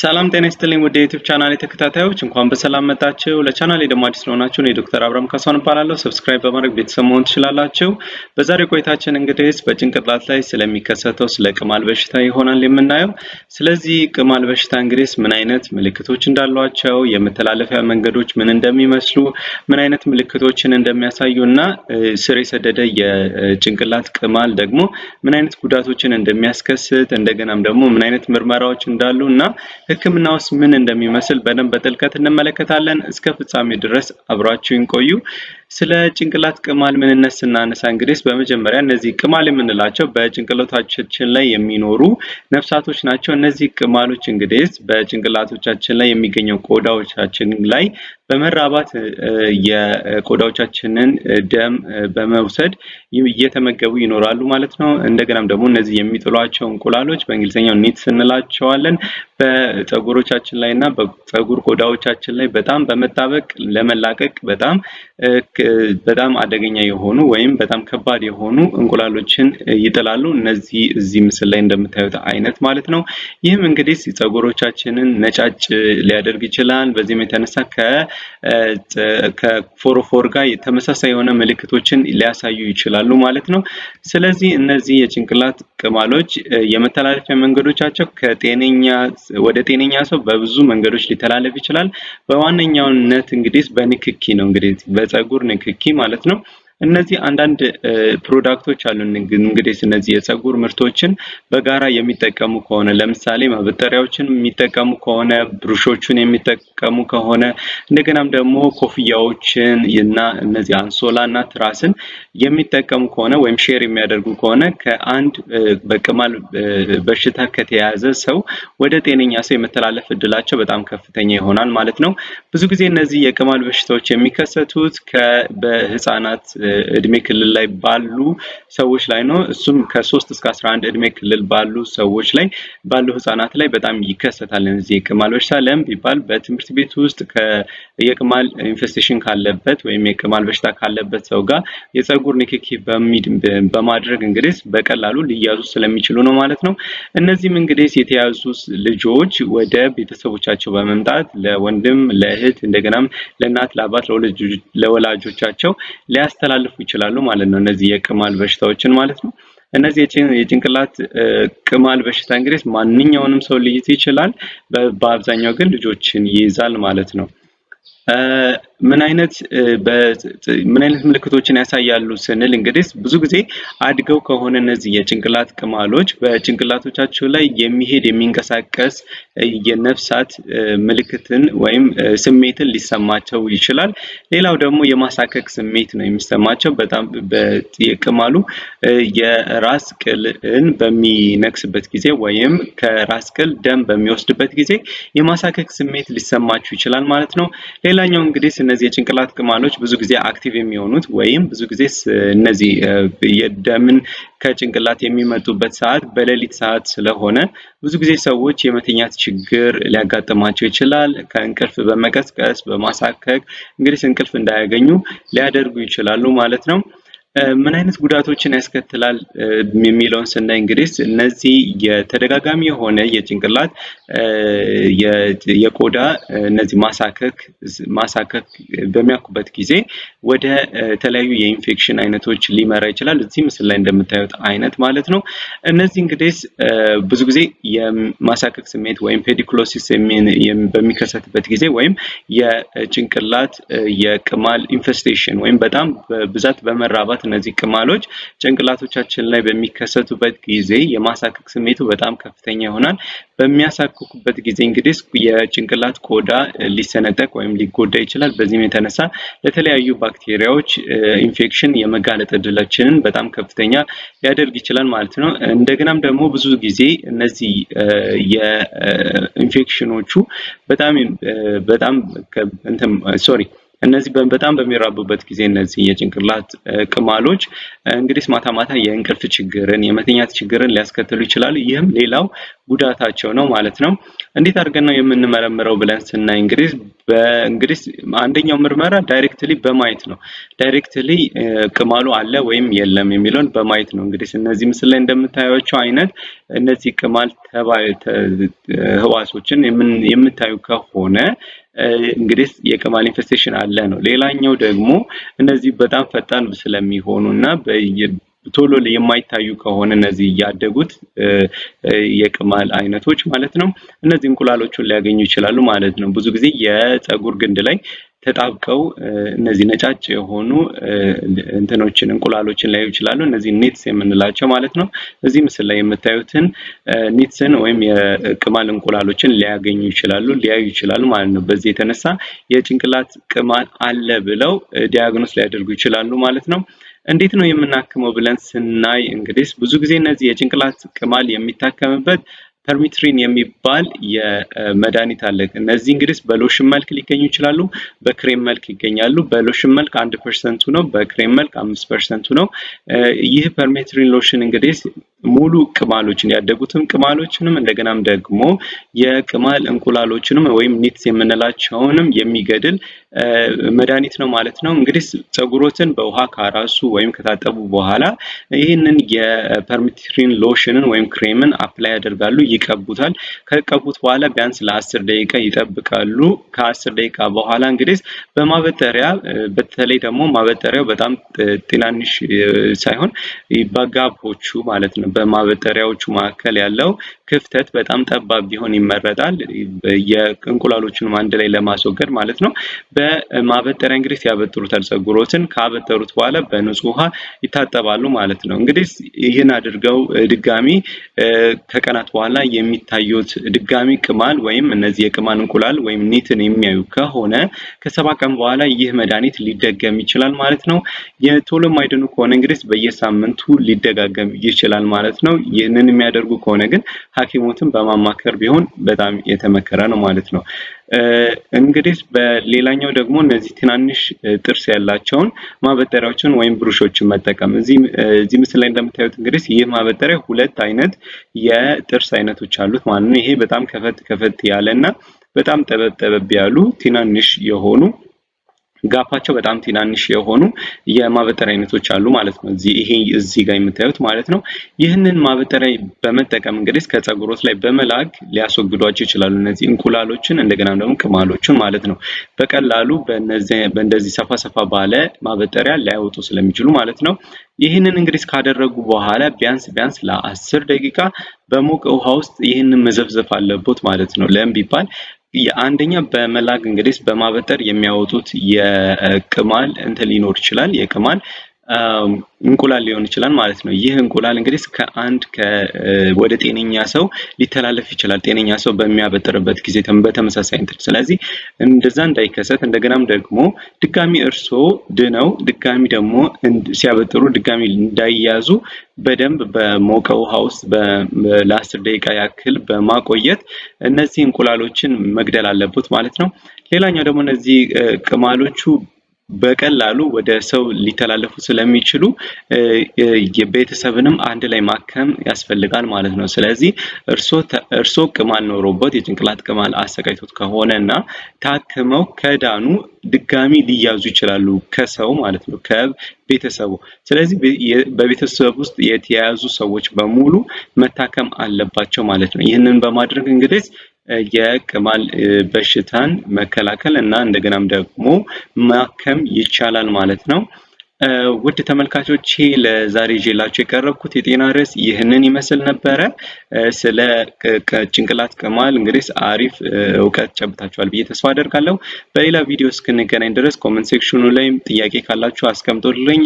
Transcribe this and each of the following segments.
ሰላም ጤና ይስጥልኝ ወደ ዩቲዩብ ቻናል ተከታታዮች እንኳን በሰላም መጣችሁ። ለቻናል ደግሞ አዲስ ለሆናችሁ እኔ ዶክተር አብርሃም ካሳሁን እባላለሁ። ሰብስክራይብ በማድረግ ቤተሰብ መሆን ትችላላችሁ። በዛሬው ቆይታችን እንግዲህ በጭንቅላት ላይ ስለሚከሰተው ስለ ቅማል በሽታ ይሆናል የምናየው። ስለዚህ ቅማል በሽታ እንግዲህ ምን አይነት ምልክቶች እንዳሏቸው፣ የመተላለፊያ መንገዶች ምን እንደሚመስሉ፣ ምን አይነት ምልክቶችን እንደሚያሳዩና ስር የሰደደ የጭንቅላት ቅማል ደግሞ ምን አይነት ጉዳቶችን እንደሚያስከስት እንደገናም ደግሞ ምን አይነት ምርመራዎች እንዳሉ እና ህክምና ውስጥ ምን እንደሚመስል በደንብ በጥልቀት እንመለከታለን። እስከ ፍጻሜ ድረስ አብራችሁን ቆዩ። ስለ ጭንቅላት ቅማል ምንነት ስናነሳ እንግዲህ በመጀመሪያ እነዚህ ቅማል የምንላቸው በጭንቅላቶቻችን ላይ የሚኖሩ ነፍሳቶች ናቸው። እነዚህ ቅማሎች እንግዲህ በጭንቅላቶቻችን ላይ የሚገኘው ቆዳዎቻችን ላይ በመራባት የቆዳዎቻችንን ደም በመውሰድ እየተመገቡ ይኖራሉ ማለት ነው። እንደገናም ደግሞ እነዚህ የሚጥሏቸው እንቁላሎች በእንግሊዝኛው ኒትስ እንላቸዋለን። በፀጉሮቻችን ላይ እና በፀጉር ቆዳዎቻችን ላይ በጣም በመጣበቅ ለመላቀቅ በጣም በጣም አደገኛ የሆኑ ወይም በጣም ከባድ የሆኑ እንቁላሎችን ይጥላሉ። እነዚህ እዚህ ምስል ላይ እንደምታዩት አይነት ማለት ነው። ይህም እንግዲህ ፀጉሮቻችንን ነጫጭ ሊያደርግ ይችላል። በዚህም የተነሳ ከፎሮፎር ጋር ተመሳሳይ የሆነ ምልክቶችን ሊያሳዩ ይችላሉ ማለት ነው። ስለዚህ እነዚህ የጭንቅላት ቅማሎች የመተላለፊያ መንገዶቻቸው ከጤነኛ ወደ ጤነኛ ሰው በብዙ መንገዶች ሊተላለፍ ይችላል። በዋነኛነት እንግዲህ በንክኪ ነው እንግዲህ በፀጉር ንክኪ ማለት ነው። እነዚህ አንዳንድ ፕሮዳክቶች አሉ። እንግዲህ እነዚህ የፀጉር ምርቶችን በጋራ የሚጠቀሙ ከሆነ ለምሳሌ ማበጠሪያዎችን የሚጠቀሙ ከሆነ ብሩሾቹን የሚጠቀሙ ከሆነ እንደገናም ደግሞ ኮፍያዎችን እና እነዚህ አንሶላ እና ትራስን የሚጠቀሙ ከሆነ ወይም ሼር የሚያደርጉ ከሆነ ከአንድ በቅማል በሽታ ከተያዘ ሰው ወደ ጤነኛ ሰው የመተላለፍ እድላቸው በጣም ከፍተኛ ይሆናል ማለት ነው። ብዙ ጊዜ እነዚህ የቅማል በሽታዎች የሚከሰቱት በህፃናት እድሜ ክልል ላይ ባሉ ሰዎች ላይ ነው። እሱም ከሶስት እስከ አስራ አንድ እድሜ ክልል ባሉ ሰዎች ላይ ባሉ ህጻናት ላይ በጣም ይከሰታል። እነዚህ የቅማል በሽታ ለምን ቢባል በትምህርት ቤት ውስጥ የቅማል ኢንፌስቴሽን ካለበት ወይም የቅማል በሽታ ካለበት ሰው ጋር የፀጉር ንክኪ በማድረግ እንግዲህ በቀላሉ ሊያዙ ስለሚችሉ ነው ማለት ነው። እነዚህም እንግዲህ የተያዙ ልጆች ወደ ቤተሰቦቻቸው በመምጣት ለወንድም፣ ለእህት እንደገናም ለእናት፣ ለአባት፣ ለወላጆቻቸው ሊያስተላ ሊያስተላልፉ ይችላሉ ማለት ነው። እነዚህ የቅማል በሽታዎችን ማለት ነው። እነዚህ የጭንቅላት ቅማል በሽታ እንግዲህ ማንኛውንም ሰው ሊይዝ ይችላል። በአብዛኛው ግን ልጆችን ይይዛል ማለት ነው። ምን አይነት ምን አይነት ምልክቶችን ያሳያሉ ስንል እንግዲህ ብዙ ጊዜ አድገው ከሆነ እነዚህ የጭንቅላት ቅማሎች በጭንቅላቶቻቸው ላይ የሚሄድ የሚንቀሳቀስ የነፍሳት ምልክትን ወይም ስሜትን ሊሰማቸው ይችላል። ሌላው ደግሞ የማሳከክ ስሜት ነው የሚሰማቸው። በጣም የቅማሉ የራስ ቅልን በሚነክስበት ጊዜ ወይም ከራስ ቅል ደም በሚወስድበት ጊዜ የማሳከክ ስሜት ሊሰማችሁ ይችላል ማለት ነው። ሌላኛው እንግዲህ እነዚህ የጭንቅላት ቅማሎች ብዙ ጊዜ አክቲቭ የሚሆኑት ወይም ብዙ ጊዜ እነዚህ የደምን ከጭንቅላት የሚመጡበት ሰዓት በሌሊት ሰዓት ስለሆነ ብዙ ጊዜ ሰዎች የመተኛት ችግር ሊያጋጥማቸው ይችላል። ከእንቅልፍ በመቀስቀስ በማሳከክ እንግዲህ እንቅልፍ እንዳያገኙ ሊያደርጉ ይችላሉ ማለት ነው። ምን አይነት ጉዳቶችን ያስከትላል የሚለውን ስናይ እንግዲህ እነዚህ የተደጋጋሚ የሆነ የጭንቅላት የቆዳ እነዚህ ማሳከክ ማሳከክ በሚያኩበት ጊዜ ወደ ተለያዩ የኢንፌክሽን አይነቶች ሊመራ ይችላል። እዚህ ምስል ላይ እንደምታዩት አይነት ማለት ነው። እነዚህ እንግዲህ ብዙ ጊዜ የማሳከክ ስሜት ወይም ፔዲክሎሲስ በሚከሰትበት ጊዜ ወይም የጭንቅላት የቅማል ኢንፌስቴሽን ወይም በጣም በብዛት በመራባት እነዚህ ቅማሎች ጭንቅላቶቻችን ላይ በሚከሰቱበት ጊዜ የማሳከክ ስሜቱ በጣም ከፍተኛ ይሆናል። በሚያሳክኩበት ጊዜ እንግዲህ የጭንቅላት ቆዳ ሊሰነጠቅ ወይም ሊጎዳ ይችላል። በዚህም የተነሳ ለተለያዩ ባክቴሪያዎች ኢንፌክሽን የመጋለጥ እድላችንን በጣም ከፍተኛ ሊያደርግ ይችላል ማለት ነው። እንደገናም ደግሞ ብዙ ጊዜ እነዚህ የኢንፌክሽኖቹ በጣም በጣም ሶሪ እነዚህ በጣም በሚራቡበት ጊዜ እነዚህ የጭንቅላት ቅማሎች እንግዲህ ማታ ማታ የእንቅልፍ ችግርን የመተኛት ችግርን ሊያስከትሉ ይችላሉ። ይህም ሌላው ጉዳታቸው ነው ማለት ነው። እንዴት አድርገን ነው የምንመረምረው ብለን ስናይ እንግዲህ በእንግዲህ አንደኛው ምርመራ ዳይሬክትሊ በማየት ነው። ዳይሬክትሊ ቅማሉ አለ ወይም የለም የሚለውን በማየት ነው። እንግዲህ እነዚህ ምስል ላይ እንደምታዩቸው አይነት እነዚህ ቅማል ህዋሶችን የምታዩ ከሆነ እንግዲህ የቅማል ኢንፌስቴሽን አለ ነው። ሌላኛው ደግሞ እነዚህ በጣም ፈጣን ስለሚሆኑ እና ቶሎ የማይታዩ ከሆነ እነዚህ እያደጉት የቅማል አይነቶች ማለት ነው እነዚህ እንቁላሎቹን ሊያገኙ ይችላሉ ማለት ነው። ብዙ ጊዜ የፀጉር ግንድ ላይ ተጣብቀው እነዚህ ነጫጭ የሆኑ እንትኖችን እንቁላሎችን ሊያዩ ይችላሉ። እነዚህ ኔትስ የምንላቸው ማለት ነው። እዚህ ምስል ላይ የምታዩትን ኔትስን ወይም የቅማል እንቁላሎችን ሊያገኙ ይችላሉ፣ ሊያዩ ይችላሉ ማለት ነው። በዚህ የተነሳ የጭንቅላት ቅማል አለ ብለው ዲያግኖስ ሊያደርጉ ይችላሉ ማለት ነው። እንዴት ነው የምናክመው ብለን ስናይ እንግዲህ ብዙ ጊዜ እነዚህ የጭንቅላት ቅማል የሚታከምበት ፐርሚትሪን የሚባል የመድኃኒት አለ። እነዚህ እንግዲህ በሎሽን መልክ ሊገኙ ይችላሉ፣ በክሬም መልክ ይገኛሉ። በሎሽን መልክ አንድ ፐርሰንቱ ነው፣ በክሬም መልክ አምስት ፐርሰንቱ ነው። ይህ ፐርሜትሪን ሎሽን እንግዲህ ሙሉ ቅማሎችን ያደጉትም ቅማሎችንም እንደገናም ደግሞ የቅማል እንቁላሎችንም ወይም ኒትስ የምንላቸውንም የሚገድል መድኃኒት ነው ማለት ነው። እንግዲህ ፀጉሮትን በውሃ ካራሱ ወይም ከታጠቡ በኋላ ይህንን የፐርሚትሪን ሎሽንን ወይም ክሬምን አፕላይ ያደርጋሉ። ይቀቡታል። ከቀቡት በኋላ ቢያንስ ለአስር ደቂቃ ይጠብቃሉ። ከአስር ደቂቃ በኋላ እንግዲህ በማበጠሪያ በተለይ ደግሞ ማበጠሪያው በጣም ትናንሽ ሳይሆን በጋቦቹ ማለት ነው በማበጠሪያዎቹ መካከል ያለው ክፍተት በጣም ጠባብ ቢሆን ይመረጣል። የእንቁላሎችንም አንድ ላይ ለማስወገድ ማለት ነው። በማበጠሪያ እንግዲህ ያበጥሩታል ጸጉሮትን። ካበጠሩት በኋላ በንጹህ ውሃ ይታጠባሉ ማለት ነው። እንግዲህ ይህን አድርገው ድጋሚ ከቀናት በኋላ ላይ የሚታዩት ድጋሚ ቅማል ወይም እነዚህ የቅማል እንቁላል ወይም ኒትን የሚያዩ ከሆነ ከሰባ ቀን በኋላ ይህ መድኃኒት ሊደገም ይችላል ማለት ነው። የቶሎ የማይድኑ ከሆነ እንግዲህ በየሳምንቱ ሊደጋገም ይችላል ማለት ነው። ይህንን የሚያደርጉ ከሆነ ግን ሐኪሞትን በማማከር ቢሆን በጣም የተመከረ ነው ማለት ነው። እንግዲህ በሌላኛው ደግሞ እነዚህ ትናንሽ ጥርስ ያላቸውን ማበጠሪያዎችን ወይም ብሩሾችን መጠቀም እዚህ ምስል ላይ እንደምታዩት እንግዲህ ይህ ማበጠሪያ ሁለት አይነት የጥርስ አይነቶች አሉት ማለት ነው። ይሄ በጣም ከፈት ከፈት ያለ እና በጣም ጠበብ ጠበብ ያሉ ትናንሽ የሆኑ ጋፓቸው በጣም ትናንሽ የሆኑ የማበጠሪያ አይነቶች አሉ ማለት ነው። እዚህ ይሄ እዚህ ጋር የምታዩት ማለት ነው። ይህንን ማበጠሪያ በመጠቀም እንግዲህ ከፀጉሮት ላይ በመላክ ሊያስወግዷቸው ይችላሉ። እነዚህ እንቁላሎችን እንደገና ደግሞ ቅማሎችን ማለት ነው። በቀላሉ በእንደዚህ ሰፋ ሰፋ ባለ ማበጠሪያ ሊያወጡ ስለሚችሉ ማለት ነው። ይህንን እንግዲህ ካደረጉ በኋላ ቢያንስ ቢያንስ ለአስር ደቂቃ በሞቀ ውሃ ውስጥ ይህንን መዘፍዘፍ አለቦት ማለት ነው። ለምን ቢባል የአንደኛ በመላክ እንግዲህ በማበጠር የሚያወጡት የቅማል እንትን ሊኖር ይችላል። የቅማል እንቁላል ሊሆን ይችላል ማለት ነው። ይህ እንቁላል እንግዲህ ከአንድ ወደ ጤነኛ ሰው ሊተላለፍ ይችላል፣ ጤነኛ ሰው በሚያበጥርበት ጊዜ በተመሳሳይ እንትን። ስለዚህ እንደዛ እንዳይከሰት እንደገናም ደግሞ ድጋሚ እርሶ ድነው ድጋሚ ደግሞ ሲያበጥሩ ድጋሚ እንዳይያዙ በደንብ በሞቀ ውሃ ውስጥ ለአስር ደቂቃ ያክል በማቆየት እነዚህ እንቁላሎችን መግደል አለቦት ማለት ነው። ሌላኛው ደግሞ እነዚህ ቅማሎቹ በቀላሉ ወደ ሰው ሊተላለፉ ስለሚችሉ ቤተሰብንም አንድ ላይ ማከም ያስፈልጋል ማለት ነው። ስለዚህ እርሶ ቅማል ኖሮበት የጭንቅላት ቅማል አሰቃይቶት ከሆነ እና ታክመው ከዳኑ ድጋሚ ሊያዙ ይችላሉ ከሰው ማለት ነው ከቤተሰቡ። ስለዚህ በቤተሰብ ውስጥ የተያያዙ ሰዎች በሙሉ መታከም አለባቸው ማለት ነው። ይህንን በማድረግ እንግዲህ የቅማል በሽታን መከላከል እና እንደገናም ደግሞ ማከም ይቻላል ማለት ነው። ውድ ተመልካቾች ለዛሬ ይዤላችሁ የቀረብኩት የጤና ርዕስ ይህንን ይመስል ነበረ። ስለ ጭንቅላት ቅማል እንግዲህ አሪፍ እውቀት ጨብታችኋል ብዬ ተስፋ አደርጋለሁ። በሌላ ቪዲዮ እስክንገናኝ ድረስ ኮመንት ሴክሽኑ ላይም ጥያቄ ካላችሁ አስቀምጦልኝ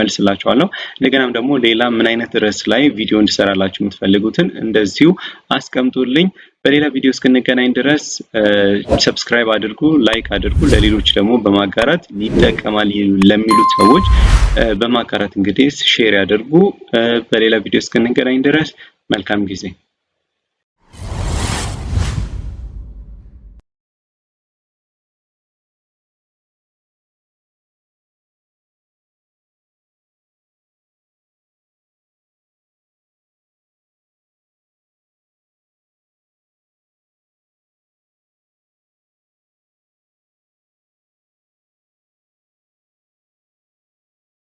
መልስላችኋለሁ። እንደገናም ደግሞ ሌላ ምን አይነት ርዕስ ላይ ቪዲዮ እንዲሰራላችሁ የምትፈልጉትን እንደዚሁ አስቀምጦልኝ። በሌላ ቪዲዮ እስክንገናኝ ድረስ ሰብስክራይብ አድርጉ፣ ላይክ አድርጉ። ለሌሎች ደግሞ በማጋራት ይጠቀማል ለሚሉት ሰዎች በማጋራት እንግዲህ ሼር ያድርጉ። በሌላ ቪዲዮ እስክንገናኝ ድረስ መልካም ጊዜ